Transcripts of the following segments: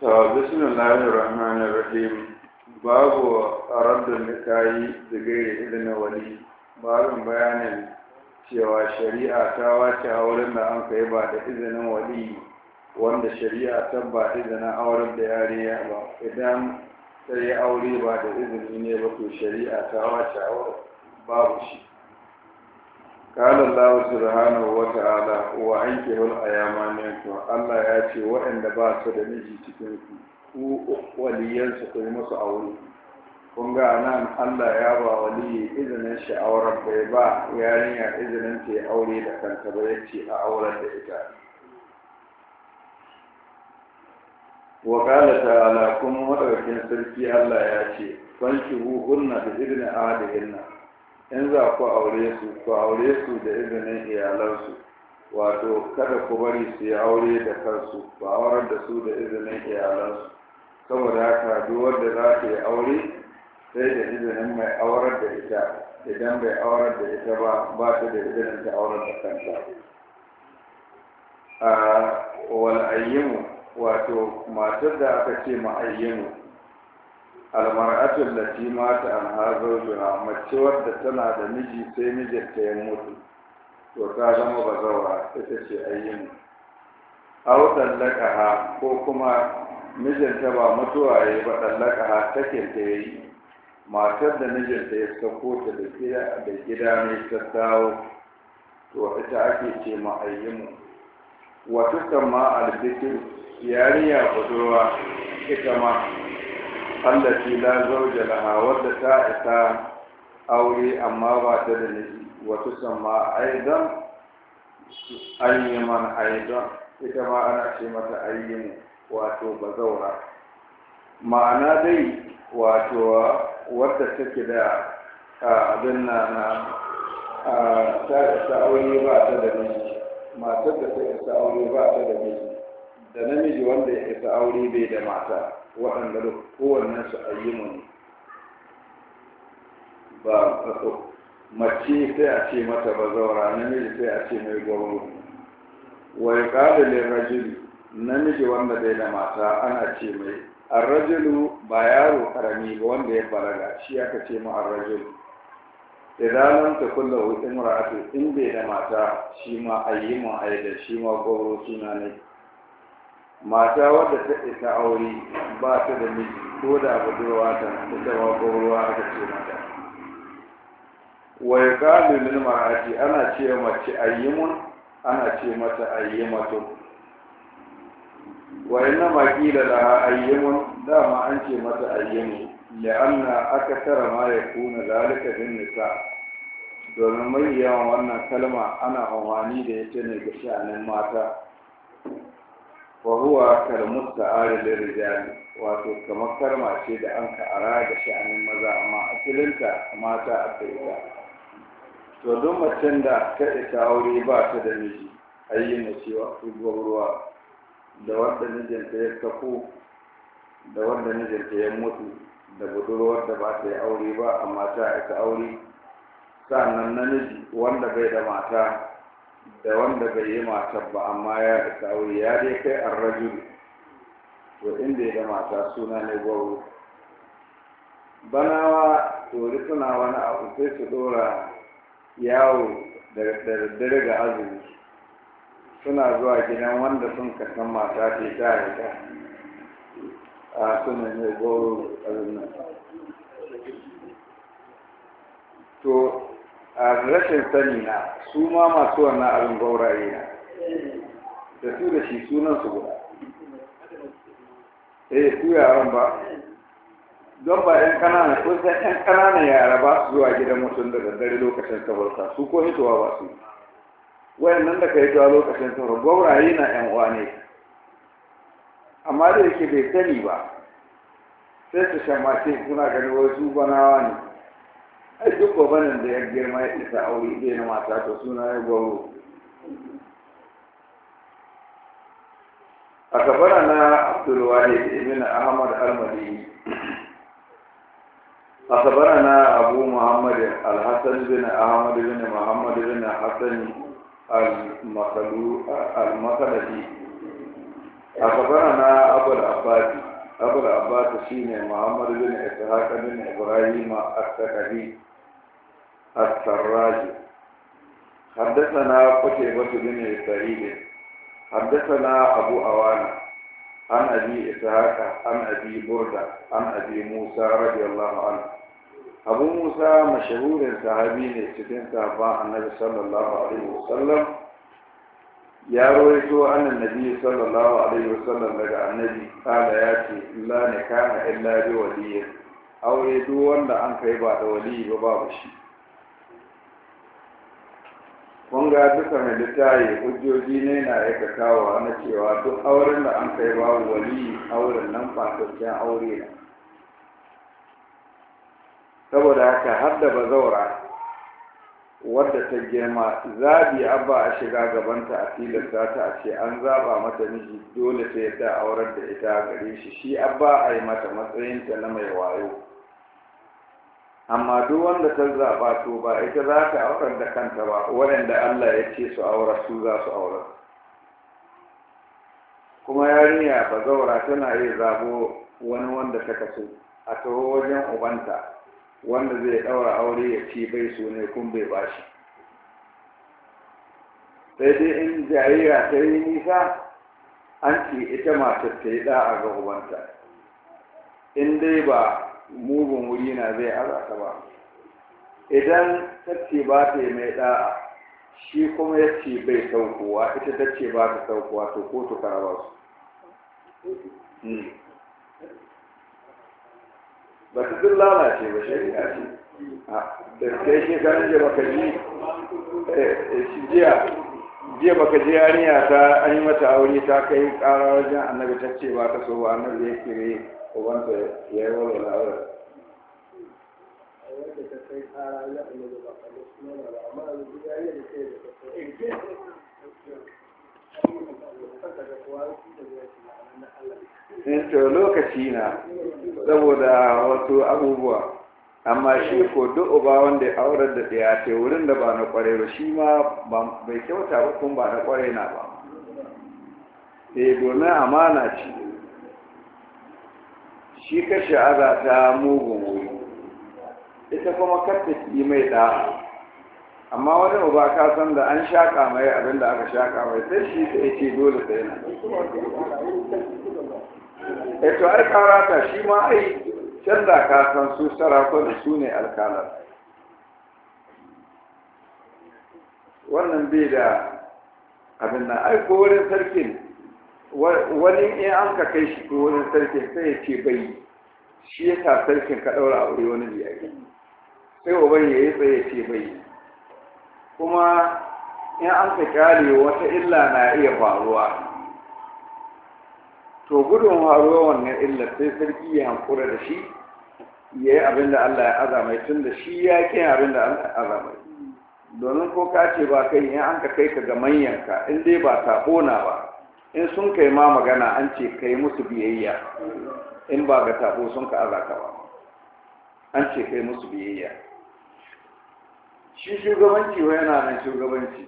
ta bismillahir rahmanir rahim babu raddun nikahi da gairi idan wali babin bayanin cewa shari'a ta wace auren da an kai ba da izinin wali wanda shari'a ta ba izinin auren da yariya ba idan ta yi aure ba da izini ne ba to shari'a ta wace auren babu shi قال الله سبحانه وتعالى وأنكه الأيام منكم الله يأتي وإن باس دمجي تكنكم waliyansu ku yi musu aure kun ga nan Allah ya ba waliyi izinin sha'awar bai ba yarinya izinin ta yi aure da kanta ba yace a auren da ita wa qala ta'ala kuma madaukakin sarki Allah ya ce fanki hunna bi idni ahadihinna in za ku aure su ku aure su da izinin iyalansu wato kada ku bari su yi aure da kansu ba aurar da su da izinin iyalansu saboda haka duk wanda za ta yi aure sai da izinin mai aurar da ita idan bai aurar da ita ba ba ta da izinin ta aurar da kanta a ah, wal ayyimu wato matar da aka ce ma ayyimu almar'atul lati mata an hazo mace wadda tana da miji sai ta ya mutu to ta zama bazawa ita ce ayyin aw lakaha, ko kuma mijinta ba mutuwa yayi ba dallakaha take ta yi, matar da ta ya sako ta da gida da gida ne ta to ita ake ce ma ayyin wa tukamma albikir yariya budurwa ita ma allati la zawja laha wadda ta isa aure amma ba ta da miji wa tusamma aidan ayyaman aidan ita ma ana ce mata ayyamu wato bazaura ma'ana dai wato wadda take da abin na na ta isa aure ba ta da miji matar da ta isa aure ba ta da miji da namiji wanda ya isa aure bai da mata waɗanda da kowannen su ayyuman ba mace sai a ce mata bazawara namiji sai a ce mai gwamnati wai ƙalilin rajuli namiji wanda bai da mata ana ce mai arrajulu ba yaro ƙarami ba wanda ya balaga shi aka ce mu arrajulu idan ta kulla lahu imra'atu in bai da mata shi ma ayyimu aida shi ma gwamnati suna ne mata wadda ta isa aure ba ta da miji ko da budurwa ta ita ma ruwa aka ce mata wa yaqalu lil mar'ati ana ce mace ayyimun ana ce mata ayyimatu wa inna ma qila laha ayyimun dama an ce mata ayyimu anna akthara ma yakuna zalika bin nisa' domin mai yawan wannan kalma ana amfani da ita ne ga sha'anin mata wa huwa kalmusta arilin rijali wato kamar karma ce da an ara da sha'anin maza amma asalinta mata a ita to don macen da ta isa aure ba ta da miji ayyin na cewa ruwa da wanda mijinta ya kafu da wanda mijinta ya mutu da budurwar da ba ta yi aure ba amma ta isa aure sannan namiji wanda bai da mata da wanda bai yi mata ba amma ya isa aure ya dai kai rajul to inda ya da mata suna ne gwaro banawa tori suna wani abu sai su dora yawo da daddare ga azumi suna zuwa gidan wanda sun kasan mata ce ta haika a suna ne azumin to a rashin sani na su ma masu wannan abin gauraye na da su da shi sunan su guda eh su yaran ba don ba yan kanana ko sai yan kanana yara ba su zuwa gidan mutum da daddare lokacin sabarsa su ko hitowa ba su nan da ka hitowa lokacin sabar gauraye na yan uwa ne amma da yake bai sani ba sai su shamace suna gani wasu banawa ne ai duk gwamnan da ya girma ya isa aure zai na mata to suna ya gwaro a kabara na abdulwahid ibn ahmad almadi a kabara na abu muhammad alhassan ibn ahmad ibn muhammad ibn hassan al-makadadi a kabara na abu al-abbasi abul abbas shine muhammad bin ishaq bin ibrahim at-takabi at-sarraji حدثنا قتيبة بن سعيد حدثنا أبو أوانا عن أبي إسحاق عن أبي بردة عن أبي موسى رضي الله عنه أبو موسى مشهور صحابي cikin sahabban النبي صلى الله عليه وسلم ya to annan nabi sallallahu alaihi wasallam daga annabi kala ya ce la kana illa bi waliyyi aure duk wanda an kai ba da waliyi ba babu shi kun ga duka mai littaye hujjoji ne na aikatawa na cewa duk auren da an kai babu waliyi auren nan fasasshen aure ne saboda haka har da bazawara wadda ta girma zabi abba a shiga gabanta a za ta a ce an zaba mata miji dole ta yadda aurar da ita gare shi shi abba a yi mata matsayinta na mai wayo amma duk wanda ta zaba to ba ita za ta aurar da kanta ba waɗanda Allah ya ce su aura su za su aura kuma yarinya ba zaura tana iya zabo wani wanda ta kaso a taho wajen ubanta wanda zai ɗaura aure ya ci bai so ne kun bai bashi sai dai in jarira ta yi nisa an ce ita matar ta yi ɗa'a ga ubanta in dai ba mugun wuri na zai azata ba idan ta ce ba ta yi mai ɗa'a shi kuma ya ce bai saukowa ita ta ce ba ta saukowa to ko to karaba su hmm. ba su sun lalace ba shari'a ce da kai shekarun jiya baka ji eh, eh, jiya jiya baka ji ta an yi mata aure ta kai ƙara wajen annabi ta ce ba ta so ba annabi ya kire ubansa ya yi walwala aure eh, to lokaci na saboda wasu abubuwa amma shi ko duk uba wanda ya aurar da ɗaya ce wurin da ba na kware ba shi ma bai kyauta ba kuma ba na kware na ba eh domin amana ce shi kashe aza ta mugun wuri ita kuma karta ki mai ɗa'a. amma wani uba ka san da an shaƙa mai abin da aka shaƙa mai sai shi ta ce dole sai na e to ai karata shi ma ai canza ka san su da su ne alkalar wannan bai da abin nan ai ko wurin sarkin wani in an ka kai shi ko wurin sarkin sai ya ce bai shi ya sa sarkin ka ɗaura aure wani biyayya sai uban ya yi tsaye ce bai kuma in an ka kyale wata illa na iya faruwa to gudun haruwa wannan illar sai sarki ya hankura da shi ya yi abin da Allah ya azamai tun da shi ya ƙi abin da Allah ya azamai domin ko ka ce ba kai in an ka kai ka ga manyanka in dai ba ta ba in sun kai ma magana an ce kai musu biyayya in ba ga sabo sun ka azaka ba an ce kai musu biyayya shi shugabanci wa yana nan shugabanci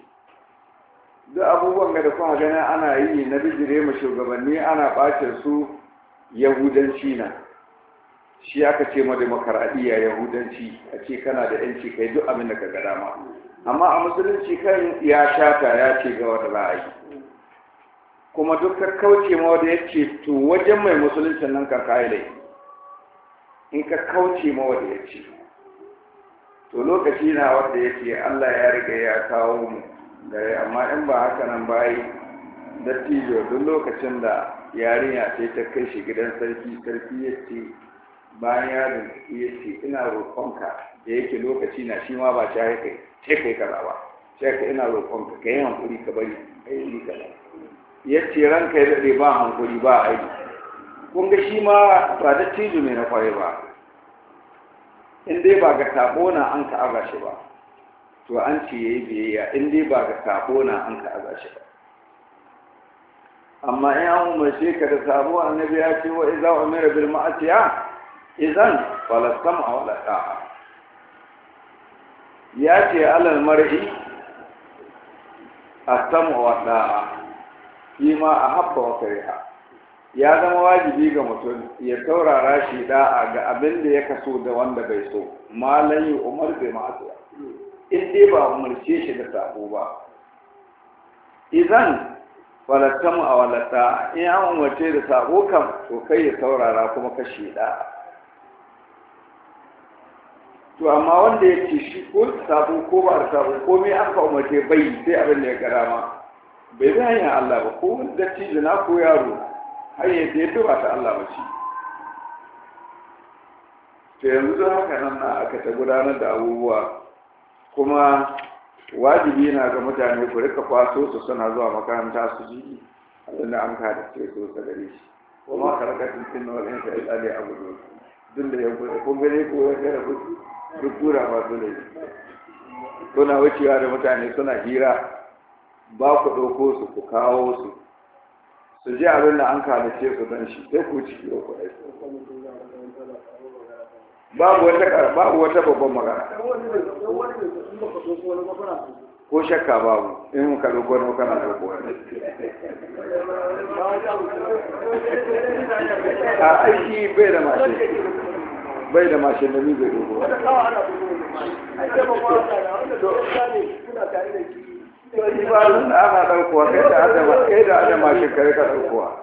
duk abubuwan da kuma gana ana yi na bijire ma shugabanni ana ɓacin su yahudanci na shi aka ce ma demokaradiyya yahudanci a ce kana da yanci kai duk abin da ka ga dama amma a musulunci kan ya shata ya ce ga wata ra'ayi kuma duk ka kauce ma wanda ya ce to wajen mai musuluncin nan kan kai laifi in ka kauce ma wanda ya ce to lokaci na wanda ya ce Allah ya riga ya kawo mu gare amma in ba haka nan bayi dattijo duk lokacin da yarinya ce ta kai shi gidan sarki sarki ya ce bayan yarin ya ce ina roƙonka da yake lokaci na shi ma ba ta haikai ce kai kaza ba sai ka ina roƙonka ka yi hankuri ka bari ka yi kaza ya ce ranka ya daɗe ba hankuri ba aiki kun ga shi ma ba da tijo mai na kwaye ba in dai ba ga sabo na an ka aza shi ba to an ce ya yi biyayya in dai ba ga sabo na an ka aza shi ba amma in an umar ka da sabo annabi ya ce wa iza umira bil ma'asiya izan falastam a wala ta'a ya ce alal mar'i as-sam'u wa ta'a fi ma haɓɓa wa kariha ya zama wajibi ga mutum ya saurara shi da'a ga abin da ya kaso da wanda bai so malayi umar bai ma'asiya in dai ba umarce shi da sako ba idan mu a walata in an umarce da sabo kam to kai ya saurara kuma kashe shida to amma wanda ya ce shi ko sako ko ba da ko me an ka umarce bai sai abin da ya garama bai bi hanyar Allah ba ko dattijo na ko yaro har ya ce ba ta Allah ba ci to yanzu haka nan na aka ta gudanar da abubuwa kuma wajibi na ga mutane ku rika kwaso su suna zuwa makaranta su ji abin da an ka da ke so ta gare shi kuma karkatun tinna wal isa ne a gudu dun da yanku kun gane ko ya gara ku duk kura masu laifi kuna wucewa da mutane suna hira ba ku ɗauko su ku kawo su su ji abin da an kalace su don shi sai ku ciki ku aiki babu wata babu wata babban magana ko shakka babu in ka dogo na kana dogo a aiki bai da mashi bai da mashi da ni bai dogo ba ba ana kai da adama kai da adama shi kare ka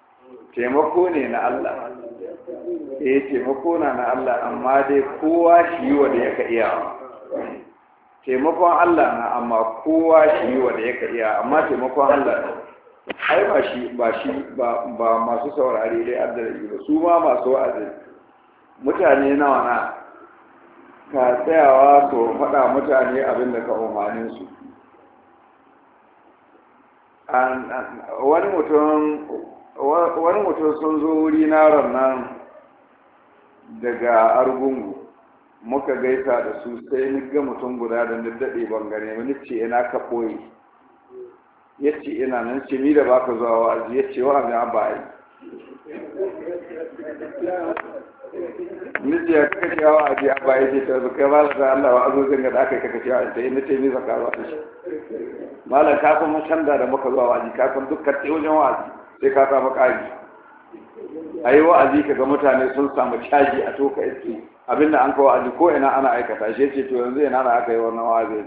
taimako ne na Allah eh taimako na na Allah amma dai kowa shi yi wa da yaka iya. taimakon Allah na amma kowa shi yi wa da yaka iya amma taimakon Allah ne ai ba shi ba shi ba masu saurari dai addari ba su ma masu wa'azi mutane nawa na ka tsayawa ko faɗa mutane abin da ka umarnin su wani mutum wani mutum sun zo wuri na nan daga argungu muka gaisa da su sai ni ga mutum guda da ni daɗe bangare. gane ce ina ka koyi ya ce ina nan ce ni da baka zuwa wa'azi ya ce wa'azi an ba yi ni ce ya kaka ce wa'azi an ba yi ce ta zuka ba da Allah wa'azozin ga da aka kaka ce wa'azi ta yi ni ce ni zaka zuwa ta shi malam kafin mun canza da muka zuwa wa'azi kafin dukkan ɗaya wajen wa'azi sai ka samu ƙari a yi wa'azi ka ga mutane sun samu caji a toka iske abinda an kawo wa'azi ko ina ana aikata shi ce to yanzu ina na aka yi wannan wa'azi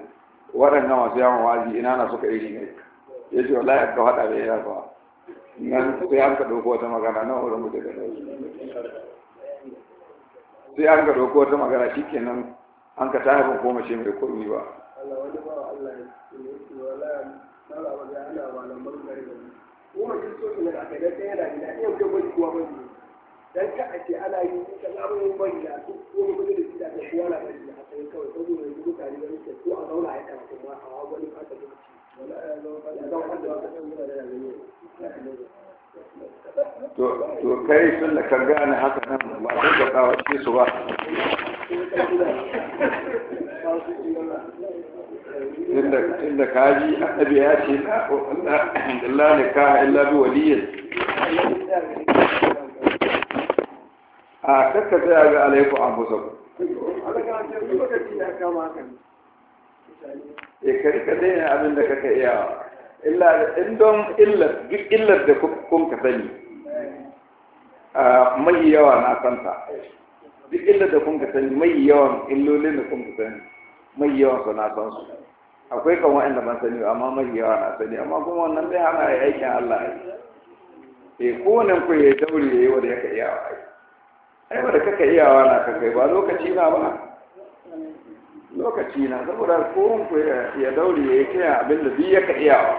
waɗanda masu yawon wa'azi ina na suka iri ne ya ce wallahi aka faɗa bai yana ba nan sai an ka ɗauko wata magana nan wurin mu daga nan sai an ka ɗauko wata magana kenan an ka tafi ko koma mai kurmi ba Allah wani ba Allah ya ce wala malamar gari kuma kristoci da aka dan yana gida yau da wani kuwa bane dan ka a ce ana yi kan abubuwan bane da su ko mu gudu da shi da kuwa na bane da haka kawai saboda yanzu mutane da suke ko a zauna ya karatu kuma a wani fata da eh, to kai sun da ka gane haka nan ba sai ka kawo su ba tunda kaji annabi ya ce la ka, illa bi waliyin a kakka tsaya ga alaiku an busa ku e kari ka daina abin da kaka iya illa in don illar duk illar da kun ka sani mai yawa na santa duk illar da kun ka sani mai yawan illolin da kun ka sani mai yawa su na san su akwai kan wa'anda ban sani ba, amma mai yawa na sani amma kuma wannan dai hana ya aikin Allah ya yi eh kowane ku ya tauri ya yi wanda yake ka iyawa ai ai wanda kaka iyawa na kan kai ba lokaci na ba lokaci na saboda ko ku ya dauri ya yi kiyan abin da bi ya ka iyawa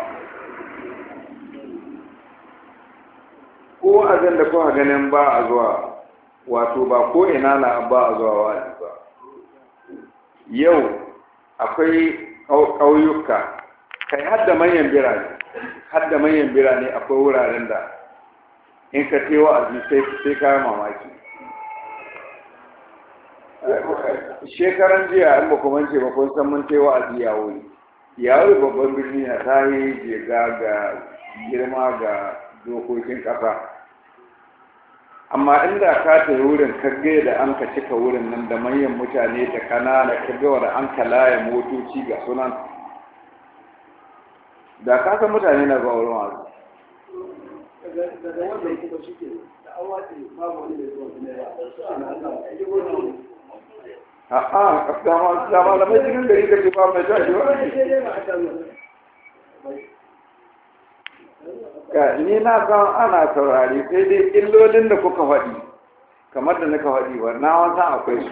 ko zan da a ganin ba a zuwa wato ba ko ina na ba a zuwa wa ba yau akwai ƙauyuka kai hadda manyan birane hadda manyan birane akwai wuraren da in ka ce wa'azi sai kayan mamaki shekaran jiya in ba kuma ce ba kun san mun ce wa'azi ya wuri ya wuri babban birni na sahi, je ga girma ga dokokin ƙasa amma inda ka tafi wurin kage da an ka cika wurin nan da manyan mutane da kanana kage da an ka laye motoci ga sunan da ka san mutane na ba wurin wasu a'a da mai cikin gari da ke ba mai jashi wani ni na san ana saurari sai dai illolin da kuka faɗi kamar da nika faɗi ba na wasa akwai su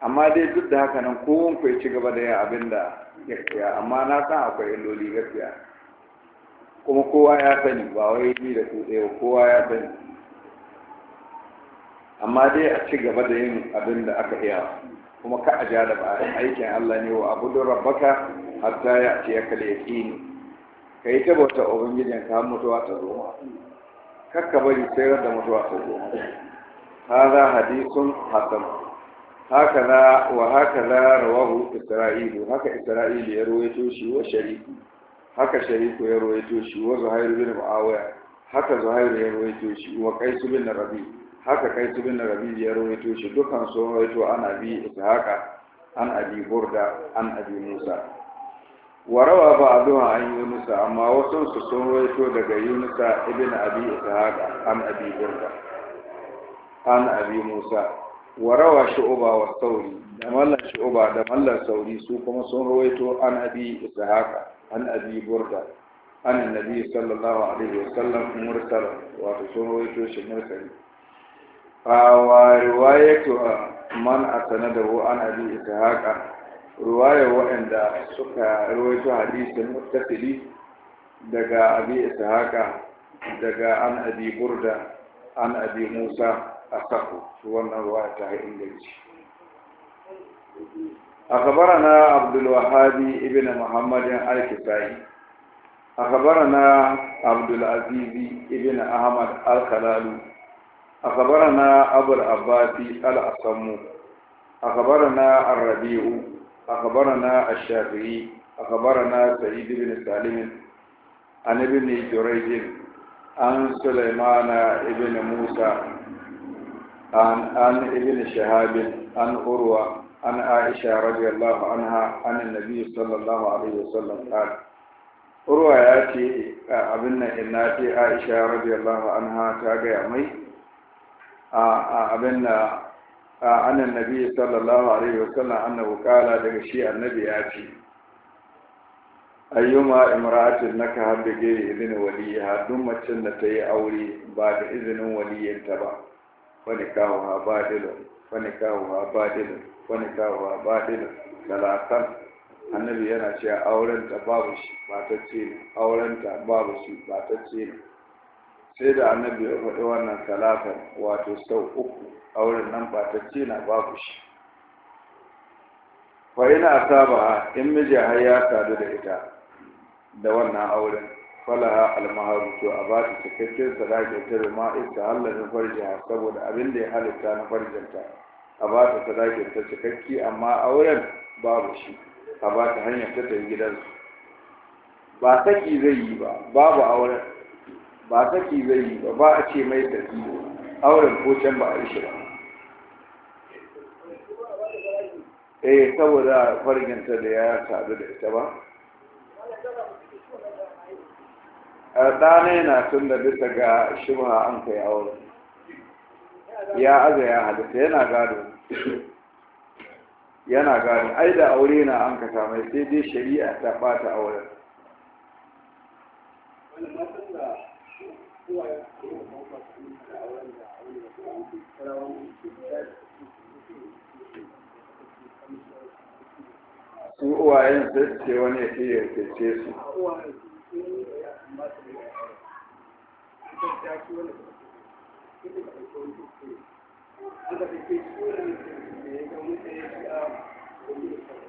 amma dai duk da haka nan kowon ku ci gaba da yin abin da gaskiya amma na san akwai illoli gaskiya kuma kowa ya sani ba wai ni da ku ɗaya kowa ya sani amma dai a ci gaba da yin abin da aka iya kuma ka a ja da ba aikin Allah ne wa abu rabbaka hatta ya ce ya kale ni ka yi ta bauta ubangijin ka mutuwa ta zo kakka bari sai da mutuwa ta zo ma hadha hadithun hasan za wa hakaza rawahu isra'ilu haka isra'ilu ya rawaito shi wa shariku haka shariku ya rawaito shi wa zuhairu bin muawiya haka zuhairu ya rawaito shi wa qaisu bin rabi haka qaisu bin rabi ya rawaito shi dukkan sun rawaito an abi ishaqa an abi burda an abi musa warawa ba a zuwa an yunusa amma wasu su sun raito daga yunusa ibn abi ishaqa an abi burda an abi musa warawa shu'uba wa sauri da mallan shu'uba da mallan sauri su kuma sun rawaito an abi ishaqa an abi burda an annabi sallallahu alaihi wasallam mursal wato sun rawaito shi mursali a wa riwayatu man asanadahu an abi ishaqa ruwayar waɗanda suka rawaito hadisin muttasili daga abi ishaqa daga an abi burda an abi musa a sako wannan ruwaya ta yi inganci a kabara na abdulwahadi ibn muhammadin alkisai a kabara na abdulazizi ibn ahmad al a kabara na abul abbasi al-asammu a kabara na أخبرنا الشافعي أخبرنا سعيد بن سالم عن ابن جريج عن سليمان بن موسى عن عن ابن شهاب عن عروة عن عائشة رضي الله عنها عن النبي صلى الله عليه وسلم قال عروة يأتي أبن إناتي عائشة رضي الله عنها تاجي أمي أبن عن النبي صلى الله عليه وسلم أنه قال لك شيء النبي آتي أيما امرأة لك بغير إذن وليها دمت سنة أولي بعد إذن ولي تبع فنكاوها بادل فنكاوها بادل فنكاوها بادل ثلاثا annabi yana cewa aurenta babu shi matacce ne aurenta babu shi matacce ne sai da annabi ya faɗi wannan talatin wato sau uku auren nan ba ta ce na babu shi fa ina saba in miji har ya sadu da ita da wannan auren falaha almaharu to a ba ta cikakken sadakin ta da ma ita hallar farjiya saboda abin da ya halitta na farjinta a ba ta sadakin ta cikakki amma auren babu shi a ba ta hanyar ta ta gidansu ba saki zai yi ba babu auren ba saki zai yi ba ba a ce mai saki auren ko can ba a yi shi ba eh saboda farginta da ya sadu da ita ba ɗane na tun da bisa ga shubha an kai auren ya aza ya halitta yana gado yana gado ai da aure na an ka mai sai dai shari'a ta bata auren Thank you. su uwayen ce wani ya ce su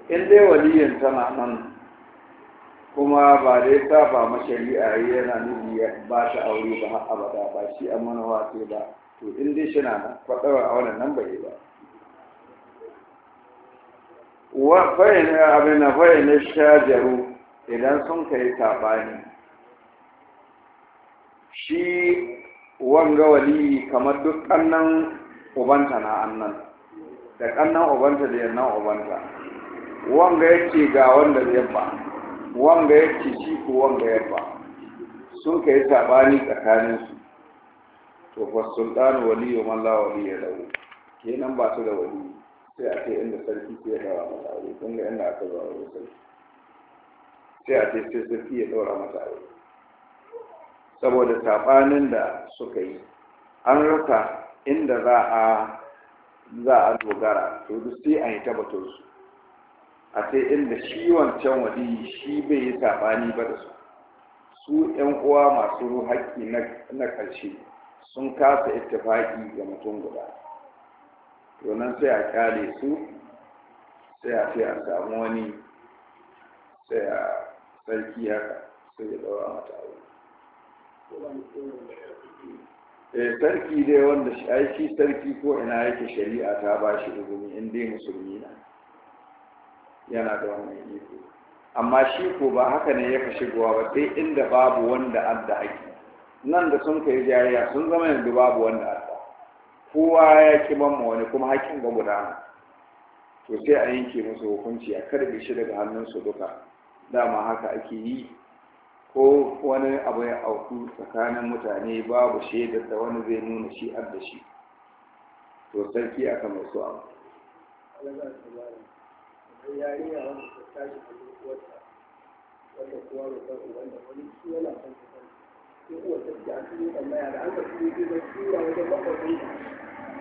in dai waliyin tana nan kuma ba dai ta ba mashari'a yana nufi ba ta aure ba abada ba shi an na sai ba to in dai shi na kwaɗawa a wannan nan bai ba wafayin abin na fayin shajaru idan sun kai saɓani shi wanga wali kamar duk ƙannan ubanta na annan da ƙannan ubanta da yannan ubanta wanga yake ga wanda zai ba wanga yake shi ko wanga ya ba sun kai tsakanin su, to fa sultan waliyu man la ya dawo, kenan ba su da waliyu sai a ce inda sarki ke ya daura mata aure kun ga inda aka zo aure sarki sai a ce sai sarki ya daura mata aure saboda sabanin da suka yi an rasa inda za a za a dogara to duk sai a yi tabbatar su a ce inda shi wancan wadi shi bai yi sabani ba da su su yan uwa masu haƙƙi na ƙarshe sun kasa ittifaki ga mutum guda to nan sai a kyale su sai a ce a samu wani sai a sarki haka sai ya daura mata aure eh, sarki dai wanda shi sarki ko ina yake shari'a ta ba shi izini in dai musulmi na yana da wannan iko amma shi ko ba haka ne ya kashe gowa ba sai inda babu wanda adda ake, nan da sun kai jariya sun zama yanzu babu wanda kowa ya ki mamma wani kuma hakkin ga gudana to sai a yanke musu hukunci a karbe shi daga hannunsu duka dama haka ake yi ko wani abu ya auku tsakanin mutane babu shaidar da wani zai nuna shi da shi to sarki aka mai so abu wanda kowa da san wani yana san ta san sai ta ce a cikin ɗan da an ka turo zai zai tura wajen bakwai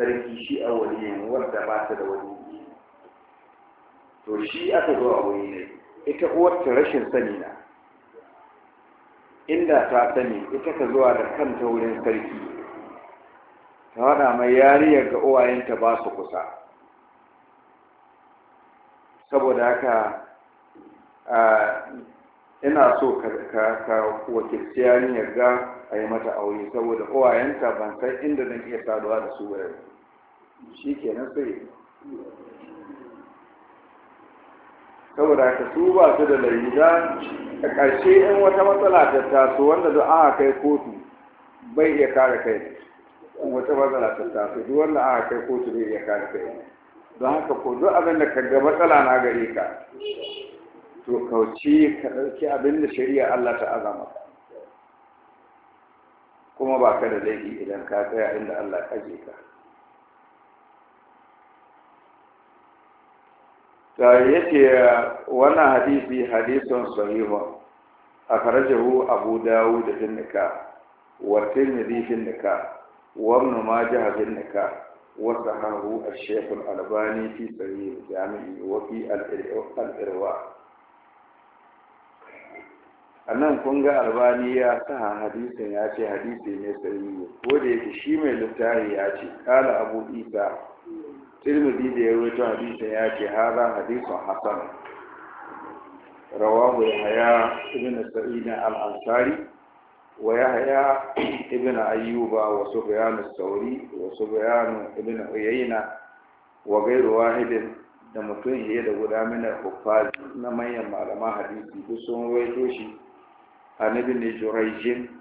sarki shi a waliyin wadda ba ta da wani to shi aka zo a wuri ne ita uwar rashin sani na inda ta sani ita ka zuwa da kanta wurin sarki ta haɗa mai yariyar ga uwayenta ba su kusa saboda haka ina so ka wakilci yarinyar ga a yi mata aure saboda uwayenta ban san inda zan iya saduwa da su wurin shi kenan sai saboda ka su ba su da laida a ƙarshe in wata matsala ta taso wanda da aka kai kotu bai iya kare kai in wata matsala ta taso duk wanda aka kai kotu bai iya kare kai don haka ko duk abin da ka ga matsala na gare ka to kauce ka ɗauki abin da shari'a Allah ta azama kuma ba ka da laifi idan ka tsaya inda Allah ya aje ka yace wannan hadisi hadisun sahihu akhrajahu abu dawud fi nikah wa tirmidhi fi nikah wa ibn majah fi wa sahahu ash-shaykh al-albani fi sahih jami'i wa fi al-irwa annan kun ga albani ya saha hadisin ya ce hadisi ne sahihi ko da yake shi mai littafi ya ce kala abu isa tirmidhi da ya rawaito hadisin ya ce hada hadisu hasan rawahu yahya ibn sa'id al-ansari wa yahya ibn ayyuba wa sufyan al sauri wa sufyan ibn uyayna wa ghayru wahidin da mutum fiye da guda mina na manyan malaman hadisi duk sun rawaito shi an ne jurayjin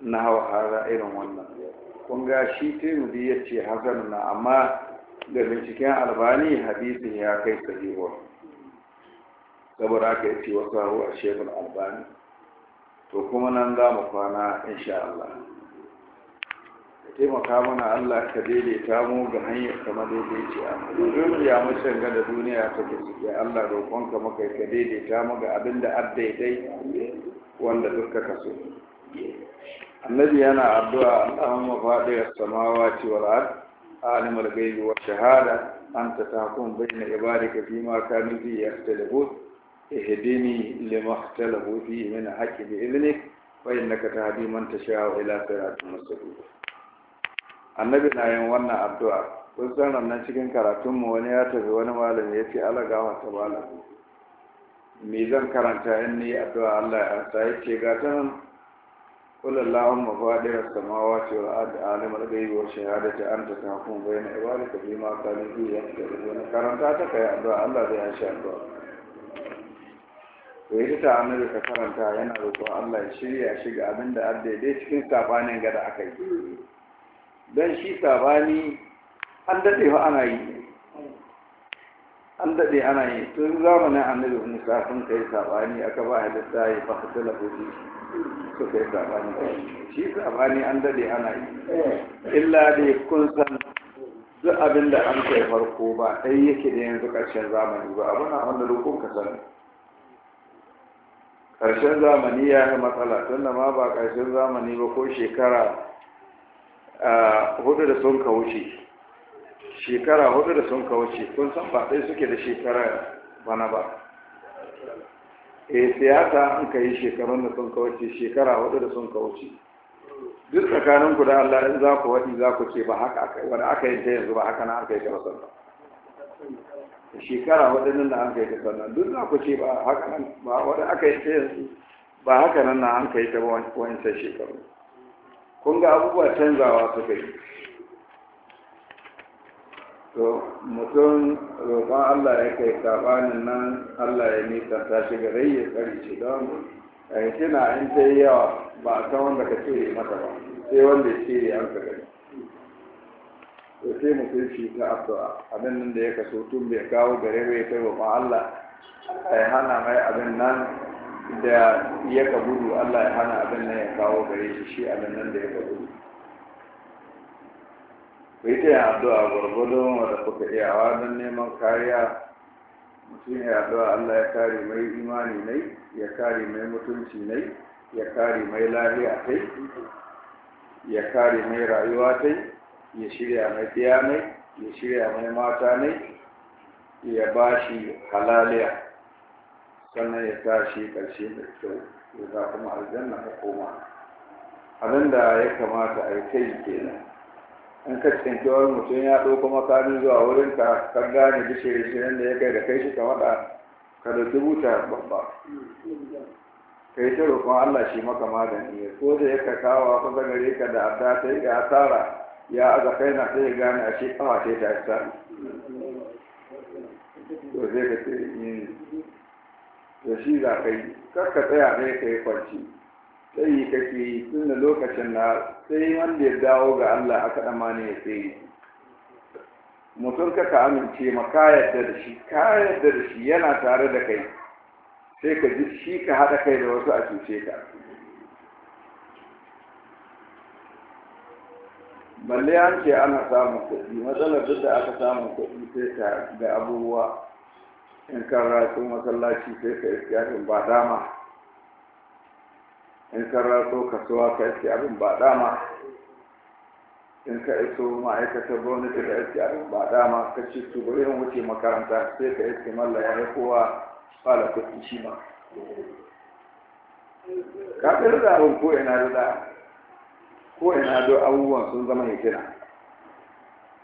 na hawa hara irin wannan kun ga shi tirmidhi ya ce hasan na amma da binciken albani hadisin ya kai sahihuwa saboda aka yi ce wasu hawa a shekul albani to kuma nan za mu kwana insha Allah ka taimaka mana Allah ka daidaita mu ga hanyar kama ce a mu ya mutan ga da duniya ta ke suke Allah roƙonka maka ka daidaita mu ga abin da daidai wanda duka ka so annabi yana addu'a Allahumma fadiya samawati wal ard alimul ghaibi wash shahada anta tahkum bayna ibadika fima kanu fi yahtalifun ihdini lima ikhtalafu fi min haqqi bi bai wa ka tahdi man tasha'u ila siratin mustaqim annabi na yin wannan addu'a kun san rannan cikin karatunmu wani ya tafi wani malami ya ce ala gawa ta malam me zan karanta in ni addu'a Allah ya sa ya ce ga ta nan قل اللهم فاطر السماوات والارض عالم الغيب والشهاده انت تحكم بين عبادك فيما كانوا فيه يختلفون karanta ta kai addu'a الله zai hashi addu'a ita ta annabi ka karanta yana roƙon Allah ya shirya shi ga abin da adda dai cikin sabanin ga aka yi dan shi sabani an dade fa ana yi an dade ana yi tun zamanin annabi Musa sun kai sabani aka ba halitta ya fasala ko shi suka an dade ana yi eh. illa dai kun san abin da an farko ba yake da yanzu ƙarshen zamani ba abu na ya yi matsala tun da ma ba ƙarshen zamani ba ko shekara hudu da sun ka wuce shekara hudu da sun ka wuce kun san ba ɗai suke da shekara bana ba eh siyasa an ka yi shekarun da sun kawace shekara wadda da sun kawace duk tsakanin ku da Allah in za ku wadi za ku ce ba haka aka wanda aka yi ta yanzu ba haka na aka yi ta wasan shekara nan na aka yi ta sannan duk za ku ce ba haka nan ba wanda aka yi ta yanzu ba haka nan na aka yi ta wancan shekaru kun ga abubuwa canzawa suka yi to mutum roƙon Allah ya kai sabanin nan Allah ya ta shi gare ya tsari shi don na in ta yi yawa ba a san wanda ka cire mata ba sai wanda ya cire an ka gani to sai mutum shi ta addu'a abin nan da ya kaso tun bai kawo gare bai ta roƙon Allah ya hana mai abin nan da ya ka gudu Allah ya hana abin nan ya kawo gare shi shi abin nan da ya ka gudu ku yi ta yin addu'a da wanda kuka a don neman kariya mutum ya addu'a Allah ya kare mai imani nai ya kare mai mutunci nai ya kare mai lahiya tai ya kare mai rayuwa tai ya shirya mai biya nai ya shirya mai mata nai ya ba shi halaliya sannan ya tashi ƙarshe da kyau ya za kuma aljanna ta koma abinda ya kamata a yi kai kenan An ka tsinci mutum ya ɗauko makami zuwa wurin ka ka gane bishiyar shirin da ya kai da kai shi ka waɗa ka da dubuta babba ka yi ta roƙon Allah shi maka magani ko da ya ka kawo kusa gare ka da adda ta yi ga asara ya aza kai na sai ya gane a shi kawa ta yi ta asara to sai ka ce da hmm, shi za ka yi kar ka tsaya ne ka yi kwanci sai kake yi tun lokacin na sai wanda ya dawo ga Allah aka dama ne ya sai mutum ka ka amince ma ka yarda da shi ka yarda da shi yana tare da kai sai ka ji shi ka haɗa kai da wasu a cuce ka balle an ce ana samun kuɗi matsalar duk da aka samu kuɗi sai ka ga abubuwa in kan rasu masallaci sai ka iska ba dama in ka raso kasuwa ka iske abin ba dama in ka iso ma'aikatar gwamnati ka iske abin ba dama ka ce su bari in wuce makaranta sai ka iske malla ya kowa fala kuɗi shi ma ka ɗin da abin ko ina da ko ina da abubuwan sun zama hikina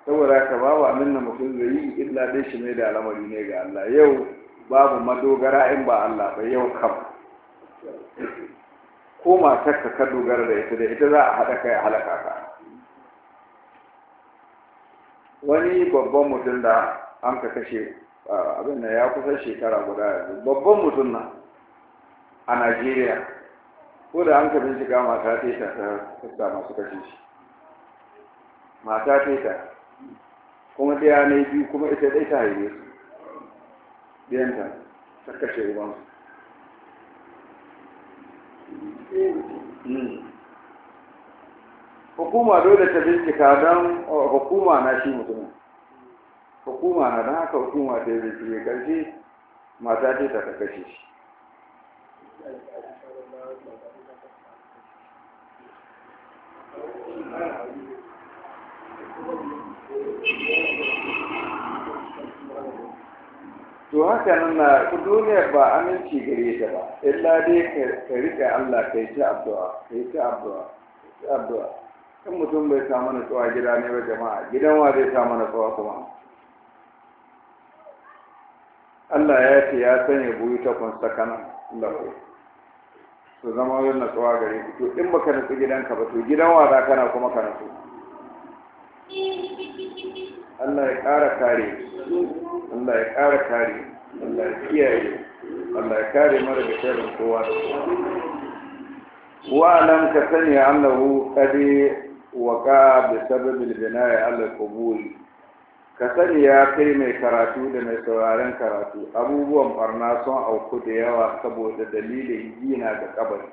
saboda ka ba wa da mutum zai yi illa dai shi mai da alamari ne ga Allah yau babu madogara in ba Allah ba yau kam ko matarka ka dogara da ita da ita za a haɗa kai a halaka ka wani babban mutum da an ka kashe abin da ya kusan shekara guda yanzu babban mutum na a najeriya ko da an ka bincika mata teta ta fuska masu kashe shi mata teta kuma ɗaya ne biyu kuma ita ɗaya ta haife su ɗiyanta ta kashe ubansu Hmm. hukuma dole ta bincika don oh, hukuma na shi mutumin hukuma na don haka hukuma ta yi karshe mata ce ta shi Thank you. to haka nan na duniya ba aminci gare ta ba illa dai ka rika Allah kai ta addu'a kai ta addu'a ta addu'a kan mutum bai samu nutsuwa gida ne ba jama'a gidan wa zai samu nutsuwa kuma Allah ya ce ya sanya buyi ta kun sakana lahu to zama wannan nutsuwa gare ku to in baka nutsu gidanka ba to gidan wa za kana kuma ka nutsu Allah ya ƙara kare Allah ya ƙara kare Allah ya kiyaye Allah ya kare mara da sharrin kowa da kowa wa alam ka sani annahu qadi waqa da sabab al Allah ala qubul ka sani ya kai mai karatu da mai sauraren karatu abubuwan barna sun auku da yawa saboda dalilin gina da kabari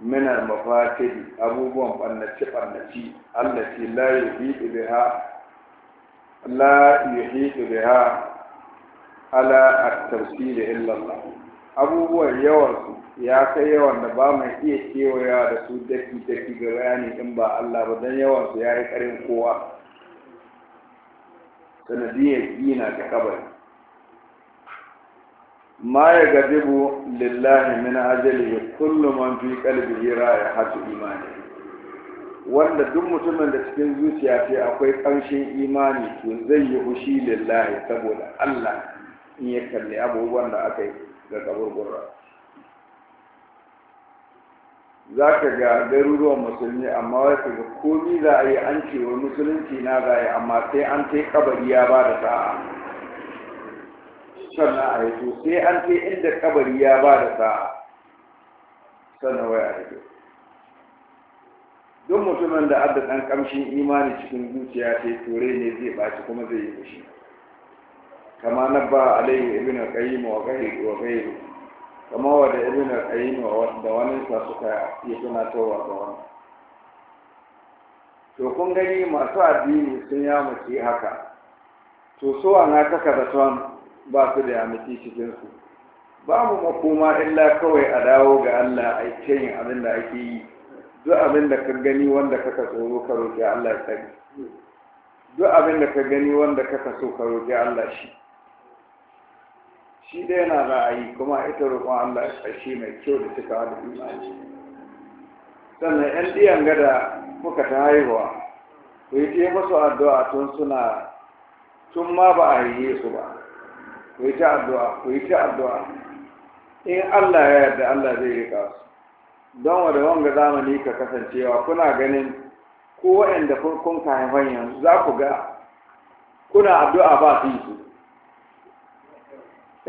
من المفاكد أبوبهم فنشي فنشي التي لا يحيط بها لا يحيط بها على التوسيل إلا الله abubuwan yawansu ya kai yawan da ba mai iya kewaya da su daki daki ga bayani in ba Allah ba don yawansu ya yi karin kowa sanadiyar gina ta kabari ma ya gadibu lillahi min ajali kullu man fi qalbihi ra'ihatu imani wanda duk mutumin da cikin zuciya ce akwai ƙanshin imani to zai yi hushi lillahi saboda Allah in ya kalli abubuwan da aka yi ga kaburbura za ka ga garuruwan musulmi amma wai ka ga komi za a yi an cewa musulunci na za amma sai an kai kabari ya ba da sa'a sannan a hito sai an ce inda kabari ya ba da sa'a sannan wai a hito don mutumin da adda ɗan kamshin imani cikin zuciya ce tore ne zai ɓaci kuma zai yi fushi kama na ba alaihi ibn al-qayyim wa ghayru wa ghayru kama wa da ibn al-qayyim da wani sa suka yi tunatarwa ga wani to kun gani masu addini sun ya mace haka to so an haka da zaton ba su da yamiti cikinsu mu makoma illa kawai a dawo ga Allah a cikin abin da ake yi duk abin da ka gani wanda kaka tsoro ka roƙi Allah ya sani duk abin da ka gani wanda kaka so ka roƙi Allah shi shi dai yana ra'ayi kuma ita roƙon Allah ya shi mai kyau da cikawa da imani sannan yan diyan gada kuka ta haihuwa ku yi masu addu'a tun suna tun ma ba a yi su ba ku yi ta addu'a ku yi ta addu'a in Allah ya yarda Allah zai rika su don wanda wanga zamani ka kasancewa kuna ganin ko waɗanda kun kayan yanzu za ku ga kuna addu'a ba su yi su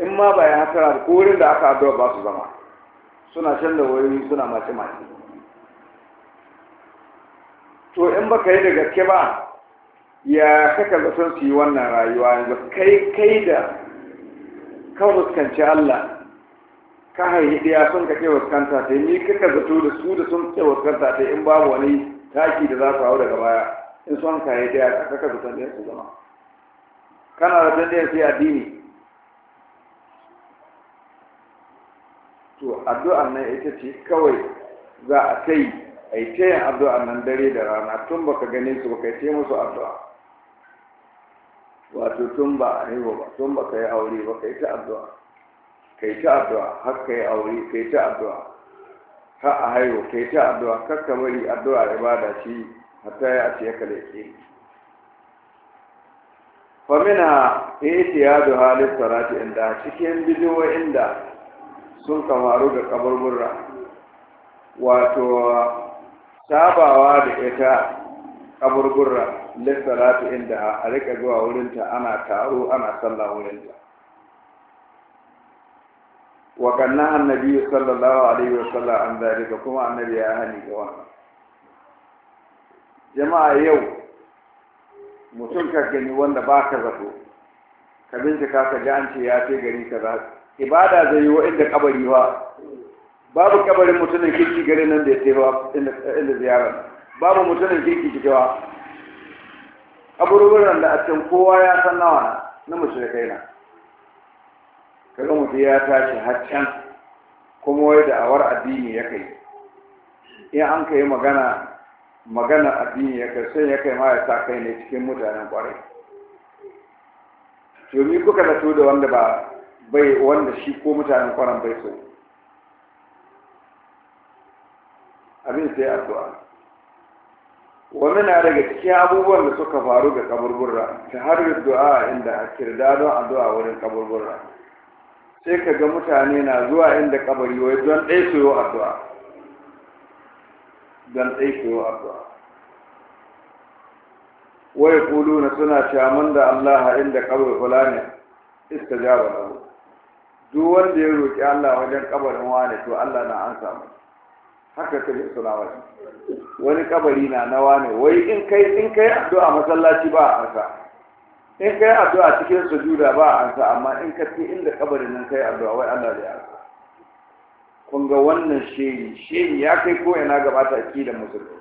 in ma ba ya hasara ko wurin da aka addu'a ba su zama suna canza wuri suna mace mace to in baka yi da gaske ba ya kaka zafin su yi wannan rayuwa yanzu kai kai da ka fuskanci Allah ka haihi ɗaya sun ka ke fuskanta ta ni kaka zato da su da sun ke fuskanta ta in babu wani taki da za su hau daga baya in sun ka haihi ɗaya ka kaka zato da su zama kana da ɗaya sai addini to addu'an nan ita ce kawai za a kai a yi ta yin addu'an nan dare da rana tun baka gane su baka yi ta musu addu'a wato tun ba a haihu ba tun ba ka yi aure ba ka yi ta addu'a ka yi ta addu'a har ka yi aure ka yi ta addu'a har a haihu ka yi ta addu'a kar ka bari addu'a ibada shi hatta ya ce ka leke famina yadu halin sarati inda cikin bidiyo inda sun kamaru da kaburburra wato sabawa da ita kaburburra lissaratu inda a rika zuwa wurinta ana taro ana sallah wurinta wa kanna annabi sallallahu alaihi wa sallam an zalika kuma annabi ya hani ga wannan jama'a yau mutum ka gani wanda ba ka zato ka bincika ka ji an ce ya ce gari za ibada zai yi wa inda kabari ba babu kabarin mutumin kirki garin nan da ya ce ba inda ziyara. babu mutumin kirki cikewa kaburburan da a can kowa ya san nawa na mushrikai na kaga mutu ya tashi har kuma wai da awar addini ya kai in an kai magana magana addini ya kai sai ya kai ma ya sa kai ne cikin mutanen kwarai to ni kuka da da wanda ba bai wanda shi ko mutanen kwaran bai so abin sai addu'a wani na daga cikin abubuwan da suka faru ga kaburburra ta har du'a inda kirda don addu'a wurin kaburburra sai ka ga mutane na zuwa inda kabari wai don ɗai su addu'a don ɗai su addu'a wai kulu na suna shaman da Allah inda kabar fulani iska jaba lahu duk wanda ya roƙi Allah wajen kabarin wani to Allah na an samu haka ta bin suna wani wani kabari na nawa ne wai in kai in kai addu'a masallaci ba a ansa in kai addu'a cikin sujuda ba a ansa amma in ka ce inda kabarin nan kai addu'a wai Allah zai ansa kun ga wannan shehi shehi ya kai ko ina gabata akidar musulmi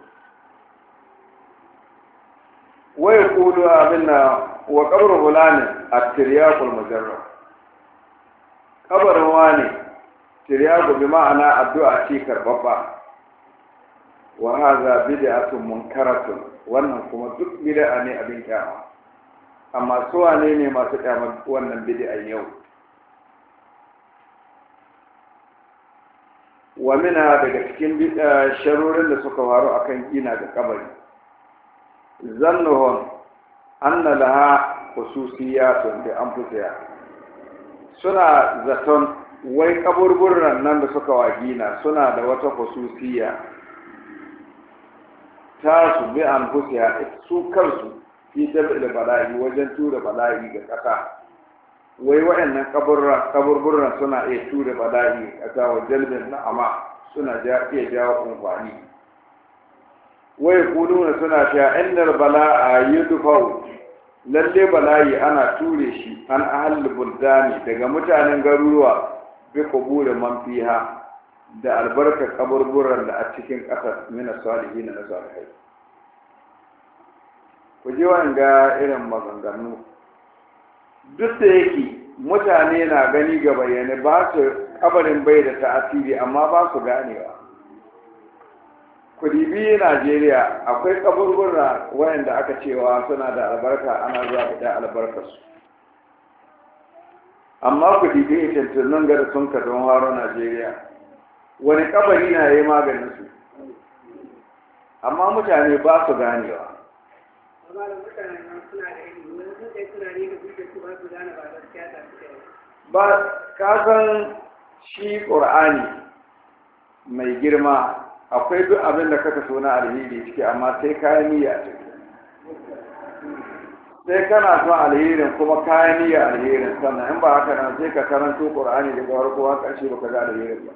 wai kudu abin na wa kabarin hulani a tiryakul mujarrab kabarin wani tiryaku bi ma'ana addu'a ce karbabba wa haza bid'atun munkaratun wannan kuma duk bid'a ne abin kyama amma su wane ne masu kyama wannan bid'a yau wa mina daga cikin sharurin da suka faru akan kina da kabari zannuhun anna laha khususiyatun bi anfusiha suna zaton wai kaburburan nan da suka wagina suna da wata khususiyya Tasu, bi an hukiya su kansu fi da bala'i wajen tura bala'i ga ƙasa wai waɗannan kaburburan suna iya tura bala'i a ƙasa wa na amma suna iya jawo amfani wai kuduna suna cewa innar bala'a yudfau lalle bala'i ana ture shi an ahal buldani daga mutanen garuruwa bi qabul man fiha da albarka kaburburan da a cikin ƙasar mina salihi na salihai ku ji ga irin maganganu duk da yake mutane na gani ga bayyane ba su kabarin bai da ta'asiri amma ba su ganewa kudibi najeriya akwai kaburbura wayanda aka cewa suna da albarka ana zuwa da su. amma kudibi nan gada sun ka don haro najeriya wani kabari na yi maganin su amma mutane ba su ganewa ba ka shi ƙur'ani mai girma akwai duk abin da kaka so na alheri ciki amma sai kayan niyya sai kana son alhirin kuma kayan niyya alherin sannan in ba haka nan sai ka karanto ƙur'ani daga farko har ƙarshe ba ka ga alhirin ba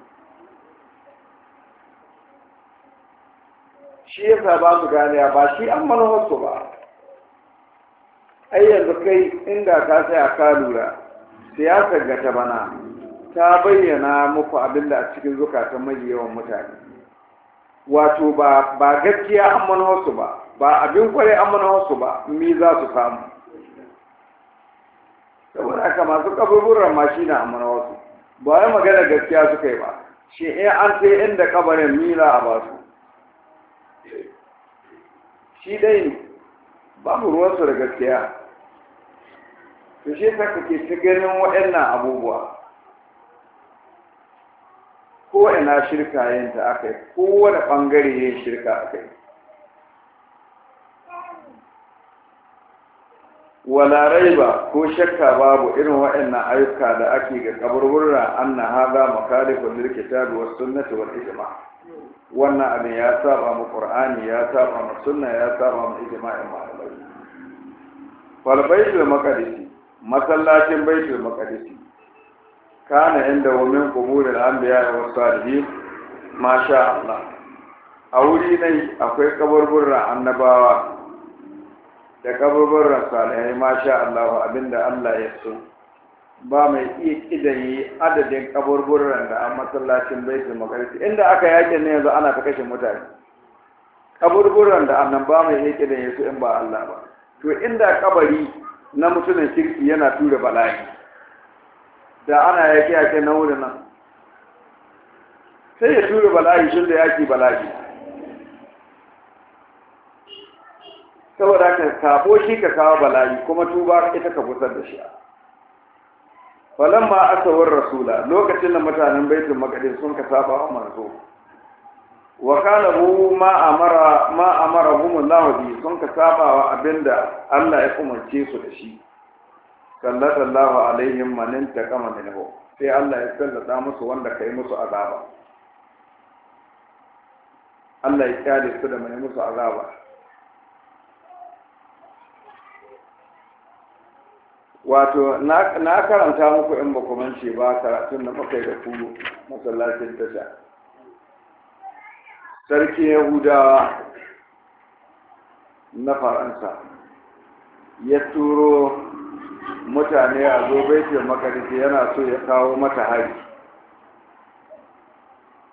shi sa ba su a ba shi an manuwarsu ba ai yanzu kai inda ka a ka lura siyasar ga ta bana ta bayyana muku abin da a cikin zukatan mai yawan mutane wato ba ba gaskiya an manuwarsu ba ba abin kwarai an manuwarsu ba mi za su samu saboda haka masu kaburburan ma shi na an manuwarsu ba wai magana gaskiya suka yi ba shi in an sai inda kabarin mila a basu shi dai babu ruwansu da gaskiya to shi ta kake ta ganin waɗannan abubuwa ko ina shirka yin ta aka yi wani ɓangare yin shirka aka yi wala ba ko shakka babu irin waɗannan ayyuka da ake ga an na hadha mukhalifun lil kitabi was sunnata wal ijma' wannan abin ya saba mu qur'ani ya saba mu sunna ya saba mu ijma'in malamai wal baitul maqdis masallacin baitul maqdis kana inda wa min qubulil anbiya wa salihin ma sha Allah a wuri ne akwai kaburburran annabawa da kaburburran salihai ma sha Allah abinda Allah ya so ba mai iya kidaye adadin kaburburan da an masallacin su makarci inda aka yake ne yanzu ana ta kashe mutane kaburburan da annan ba mai iya kidaye su in ba Allah ba to inda kabari na mutumin kirki yana tura bala'i da ana yake yake na wuri nan sai ya tura bala'i shi da yaki bala'i saboda ka kafo shi ka kawo bala'i kuma tuba ita ka busar da shi falamma tsawon rasula lokacin da mutanen baitul maqdis sun ka saba wa manzo wa ma amara ma amara Allah bi sun ka saba wa abinda Allah ya umarce su da shi sallallahu alaihim kama da minhu sai Allah ya sallata musu wanda kai musu azaba Allah ya kyale su da mai musu azaba wato na karanta muku in ba mance ba karatun da muka yi da ku masallacin tasha sarki yahudawa na faransa ya turo mutane a zo baitin maqdis yana so ya kawo mata hari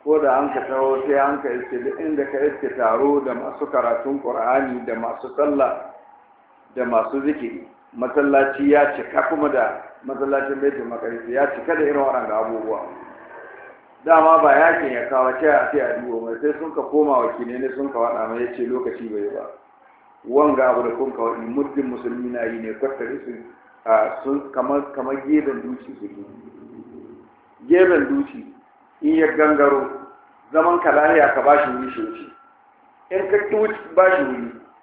ko da an ka taho sai an ka iske inda ka iske taro da masu karatun qur'ani da masu sallah da masu zikiri masallaci ya cika kuma da masallacin baitul maqdis ya cika da irin waɗanda abubuwa dama ba yakin ya kawo ce a sai a duba mai sai sun ka koma wakile ne sun ka waɗa mai yace lokaci bai ba wanga abu da kun ka waɗi muddin musulmi na yi ne kwattare su sun kamar kamar gefen duci ne gefen duci in ya gangaro zaman ka lahiya ka bashi wuri shi in ka ba shi wuri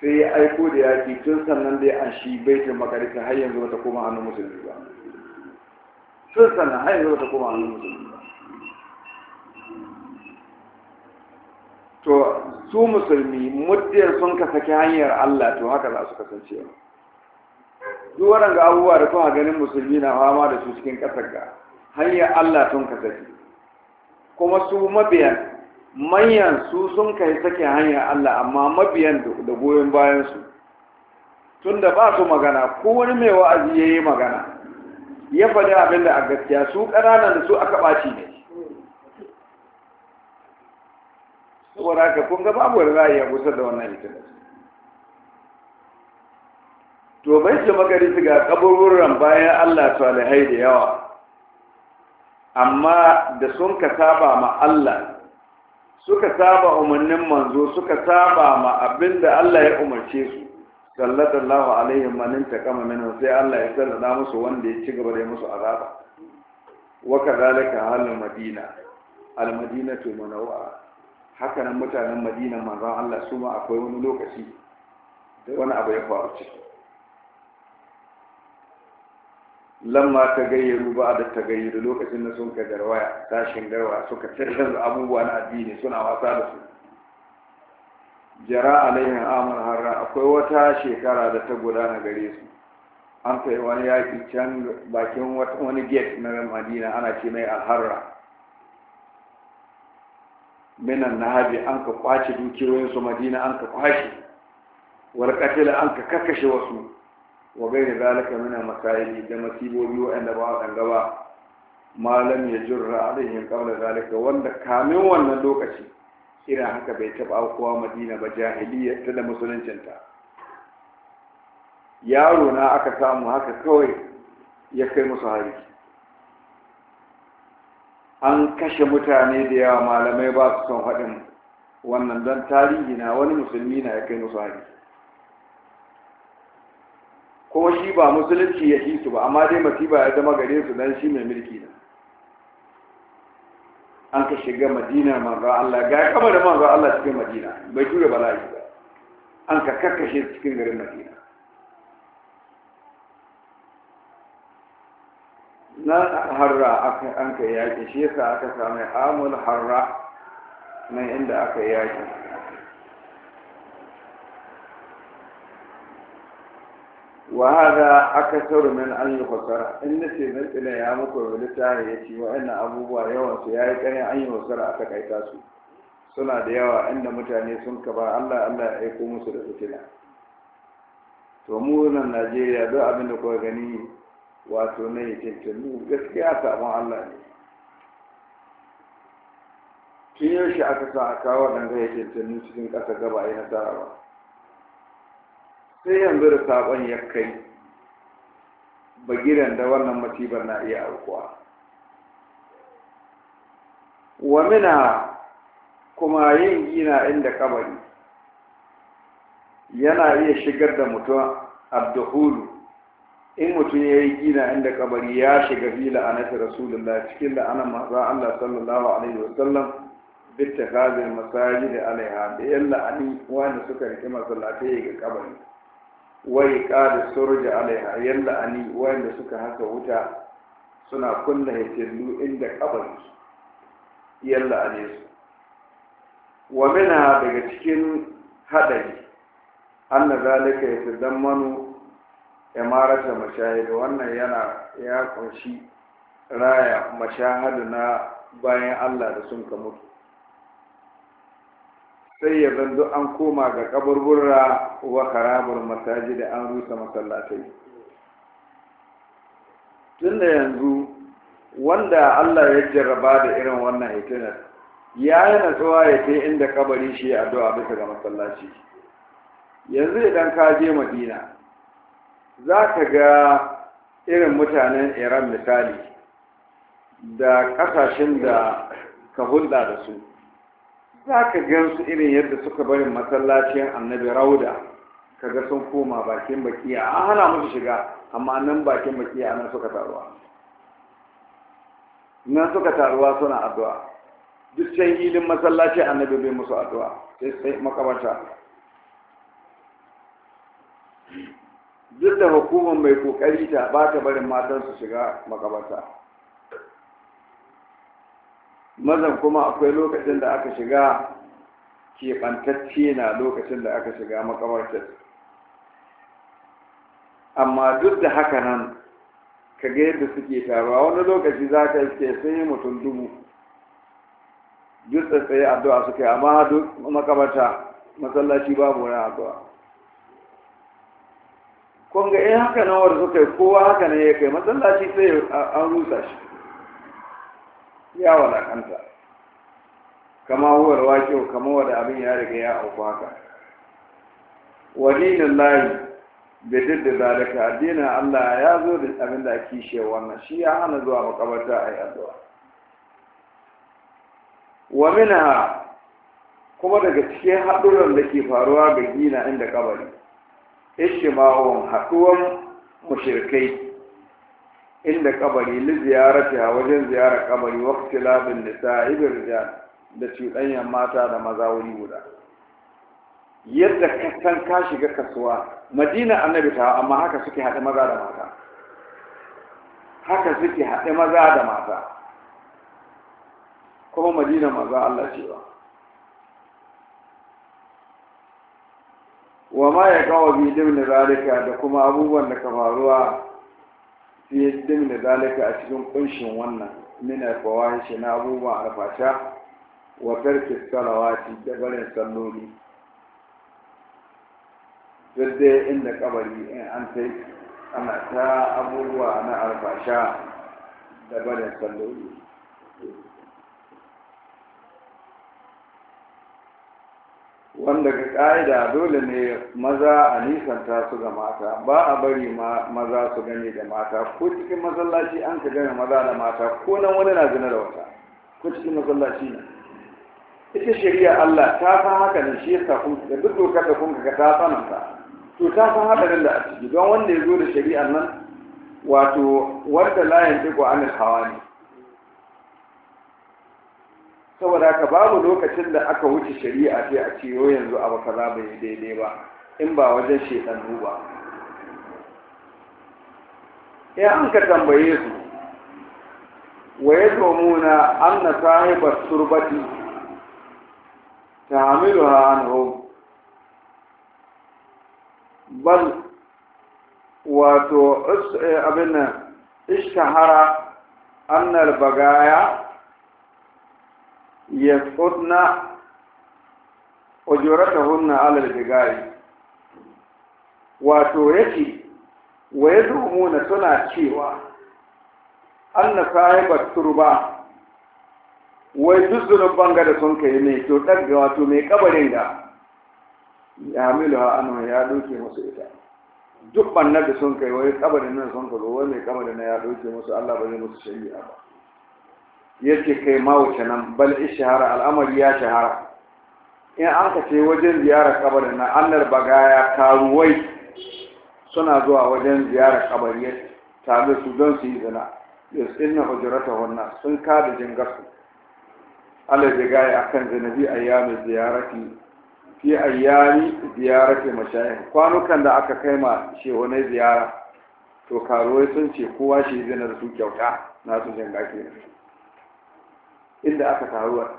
sai ya aiko da yaƙi tun sannan da ya an shi baitin makarisa har yanzu bata koma hannun musulmi ba tun sannan har yanzu bata koma hannun musulmi ba to su musulmi muddin sun ka saki hanyar Allah to haka za su kasance duk waɗanda abubuwa da kuma ganin musulmi na fama da su cikin ƙasar ga hanyar Allah sun ka saki kuma su mabiyan manyan su sun kai sake hanya Allah amma mabiyan da goyon bayan su tun da ba su magana ko wani mai wa'azi ya yi magana ya faɗi abin da a gaskiya su ƙananan da su aka ɓaci ne saboda haka kun ga babu wani ra'ayi a kusa da wannan ita to bai ce magari su ga kaburburan bayan Allah salihai da yawa amma da sun ka saba ma Allah suka saba umarnin manzo suka saba ma abinda Allah ya umarce su sallallahu alaihi manin ta kama min sai Allah ya sallada musu wanda ya ci gaba da musu azaba wa kadhalika halul madina al madinatu munawwara haka nan mutanen madina manzon Allah su ma akwai wani lokaci da wani abu ya faru ciki lamma ta gayyaru ba da ta gayyaru lokacin da sun ka garwaya tashin garwa suka da abubuwa na addini suna wasa da su jara alaihin amur harra akwai wata shekara da ta gudana gare su an kai wani yaƙi can bakin wani gate na madina ana ce mai alharra minan na haji an ka kwace dukiyoyinsu madina an ka kwashe warƙatila an ka kakashe wasu wa gaira zalika min makayi da masibobi waɗanda ba wadanga gaba, malam ya jurra alaihim qabla zalika wanda kamin wannan lokaci irin haka bai taba kowa madina ba jahiliya ta da musuluncinta yaro na aka samu haka kawai ya kai musu hari an kashe mutane da yawa malamai ba su son haɗin wannan don tarihi na wani musulmi na ya kai musu hari kuma shi ba musulunci ya yi su ba amma dai masiba ya zama gare su dan shi mai mulki ne an ka shiga madina manzo Allah ga kama da manzo Allah cikin madina bai tura bala'i ba an ka kakkashe cikin garin madina na harra an ka yaƙi shi yasa aka sami amul harra nan inda aka yaƙi wa hada akasaru min an yi fasara in nace nan tsina ya muku littafi ya ce wa'annan abubuwa yawan su yayi ƙarin an yi fasara aka kaita su suna da yawa inda mutane sun kaba Allah Allah ya aiko musu da fitina to mu nan Najeriya duk abin da kuka gani wato na yi tintinu gaskiya sabon Allah ne tun yaushe aka sa a kawo ɗan ga yi cikin ƙasa gaba a yi nasara ba sai yanzu da sabon ya kai gidan da wannan masibar na iya aukuwa wa mina kuma yin gina inda kabari yana iya shigar da mutum abduhulu in mutum ya yi gina inda kabari ya shiga fi la'anata rasulullah cikin la'anan maza Allah sallallahu alaihi wasallam bitta kazin masajid alaiha da yan la'ani wani suka rike masallatai ga kabari wai da surja alaiha yalla ani wayanda suka haka wuta suna kunna hitillu inda kabar yalla ani su wa mina daga cikin hadari anna zalika yatadammanu imarata mashahid wannan yana ya kunshi raya mashahadu na bayan Allah da sun ka mutu sai ya zanzu an koma ga kaburbura wa karabar masaji da an rusa masallatai tun da yanzu wanda Allah ya jarraba da irin wannan hitinar ya yi natsuwa ya kai inda kabari shi ya addu'a bisa ga masallaci yanzu idan ka je madina za ka ga irin mutanen iran misali da kasashen da ka hulɗa da su za ka gan su irin yadda suka bari masallacin annabi rauda kaga sun koma bakin bakiya an hana musu shiga amma nan bakin bakiya nan suka taruwa nan suka taruwa suna addu'a duk can hilin masallaci annabi bai musu addu'a sai sai makabarta duk da hukumar mai kokari ta ba ta barin matan su shiga makabarta mazan kuma akwai lokacin da aka shiga keɓantacce na lokacin da aka shiga makamartar amma duk da haka nan ka ga yadda suke taruwa wani lokaci za ka iske sun yi mutum dubu duk tsaye addu'a suka yi amma duk makamarta masallaci babu wani addu'a kun ga in haka nan wanda suka yi kowa haka ne ya kai masallaci sai an rusa shi ya walakanta kama huwar wake kama wada abin ya riga ya auku haka wadinin layi bai didda zalika addinin Allah ya zo da abin da ake shi wannan shi ya hana zuwa makabarta a yi addu'a wa minha kuma daga cikin haɗuran da ke faruwa ga gina inda kabari ma'awon haɗuwan mushirikai. inda kabari li ziyaratiha wajen ziyarar kabari wa Labin nisa'i bil rijal da cuɗanyan mata da maza wuri guda yadda ka ka shiga kasuwa madina annabi ta amma haka suke haɗe maza da mata haka suke haɗe maza da mata kuma madina maza Allah cewa wa ma ya kawo bidin da zalika da kuma abubuwan da ka faruwa fi da zalika a cikin kunshin wannan min alfawahishi na abubuwan alfasha wa tarki salawati da barin salloli duk dai inda kabari in an sai ana ta abubuwa na alfasha da barin salloli wanda ga ƙa'ida dole ne maza a nisanta su ga mata ba a bari maza su gani da mata ko cikin masallaci an ka gane maza da mata ko nan wani na zina da wata ko cikin masallaci ne ita shari'a Allah ta san haka ne shi yasa kun da duk dokar da kun ka ta sanin ta to ta san ne da a ciki don wanda ya zo da shari'a nan wato wanda layin tiko anil hawa ne saboda haka babu lokacin da aka wuce shari'a sai a ce yau yanzu abu kaza bai daidai ba in ba wajen shedanu ba ya an ka tambaye su wa ya domuna an na sahibar surbati ta hamilu hannu bal wato eh, abin nan ishtahara annal bagaya yasqudna ujuratahunna ala al-bigari wato yake wa yadumuna suna cewa anna sahibat turba wai duk zunuban ga da sun kai ne to daga wato mai kabarin ga ya hamilu anu ya doke musu ita duk bannar da sun kai wai kabarin nan sun kai wai mai kabarin nan ya doke musu Allah ba zai musu shari'a ba yake kai ma wuce nan bal shahara, al'amari ya shahara in an ka ce wajen ziyarar kabarin na annar bagaya karuwai suna zuwa wajen ziyarar kabari tare su don su yi zina yasinna hujurata wannan sun kada jingarsu Allah zai gaya akan zinabi ayyami ziyarati fi ayyami ziyarati mashayikh kwanukan da aka kai ma wani ziyara to karuwai sun ce kowa shi zina su kyauta na su jingake inda aka taruwa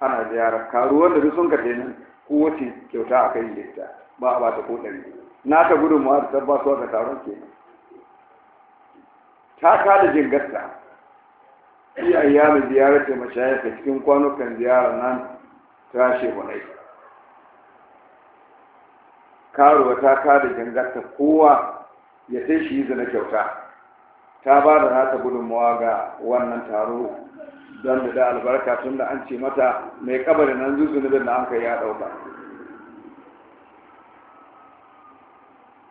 ana ziyara. karuwar da sun kaɗe nan ko wace kyauta aka yi da ita ba a ba ta ɗari na ta gudun ma da ba su aka taron ke ta ka kada jingarta fi ayyamin ziyarar ta mashayarta cikin kwanukan ziyarar nan ta shehunai karuwa ta ka da jingarta kowa ya sai shi zana kyauta ta ba da nata gudunmawa ga wannan taro don da albarka tun da an ce mata mai kabari nan zuzunubin da an kai ya ɗauka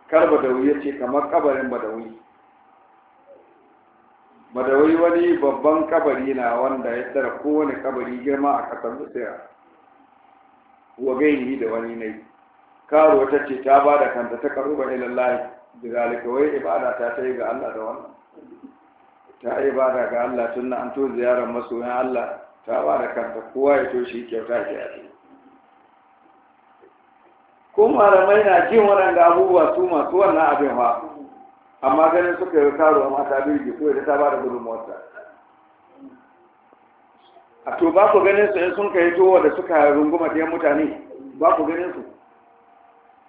kar badawi ya ce kamar kabarin badawi badawi wani babban kabari na wanda ya tsara kowane kabari girma a kasar zuciya wa ni da wani ne karo ta ce ta ba da kanta ta karuba ilallahi da zalika wai ibada ta ta yi ga allah da wannan ta yi ba da ga Allah tun an to ziyarar masoyan Allah ta ba da kanta kowa ya to shi kyauta ke a ko malamai na jin waɗanda abubuwa su masu wannan abin ba amma ganin suka yi karo a mata biyu ko da ta ba da gudunmuwarta a to ba ku ganin su in sun kai towa da suka runguma 'yan mutane ba ku ganin su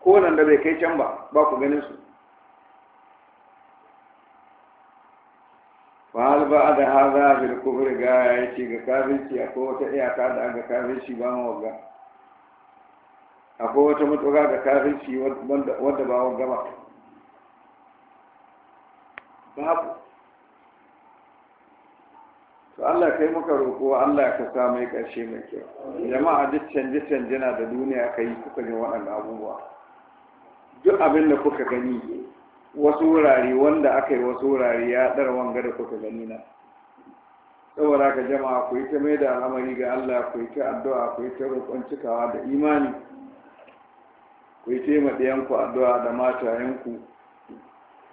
ko nan da bai kai can ba ba ku ganin su ba hadha bil kufri ga yace ga kafirci akwai wata iyaka da ga kafirci ba mu wagga akwai wata mutuwa ga kafirci wanda ba wagga ba babu to Allah kai muka roko Allah ka sa mai karshe mai kyau jama'a duk canje canje na da duniya kai kuka ji waɗannan abubuwa duk abin da kuka gani wasu wurare wanda aka yi wasu wurare ya ɗara wanga da kuka gani na saboda ka jama'a ku yi ta mai da al'amari ga Allah ku yi ta addu'a ku yi ta roƙon cikawa da imani ku yi taima ku addu'a da ku.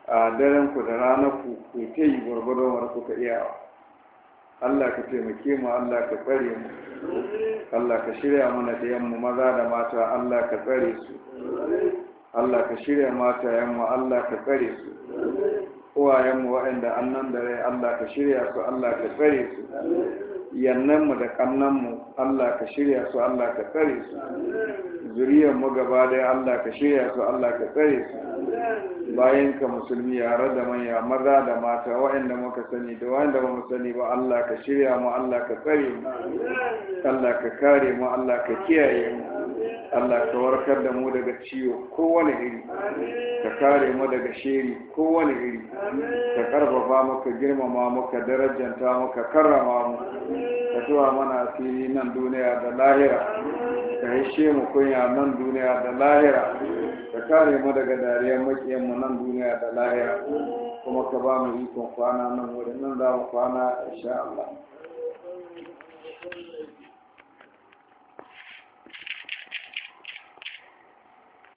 a ku da ranar ku yi ta yi gwargwadon wani kuka iyawa Allah ka taimake mu Allah ka tsare mu Allah ka shirya mana da yamma maza da mata Allah ka tsare su Allah ka shirya matayenmu Allah ka tsare su uwayenmu waɗanda annan da rai Allah ka shirya su Allah ka tsare su yannanmu da kannanmu Allah ka shirya su Allah ka tsare su zuriyarmu gaba daya Allah ka shirya su Allah ka tsare su bayan ka musulmi yare da manya maza da mata waɗanda muka sani da waɗanda ba mu sani ba Allah ka shirya mu Allah ka tsare mu Allah ka kare mu Allah ka kiyaye mu Allah ka warkar da mu daga ciwo kowane iri ka kare mu daga sheri kowane iri ka karfafa muka girmama muka darajanta muka karrama mu ka zuwa mana fili nan duniya da lahira ka haishe mu kunya nan duniya da lahira ka kare mu daga dariyar makiyan mu nan duniya da lahira kuma ka ba mu ikon kwana nan wurin nan za mu kwana insha Allah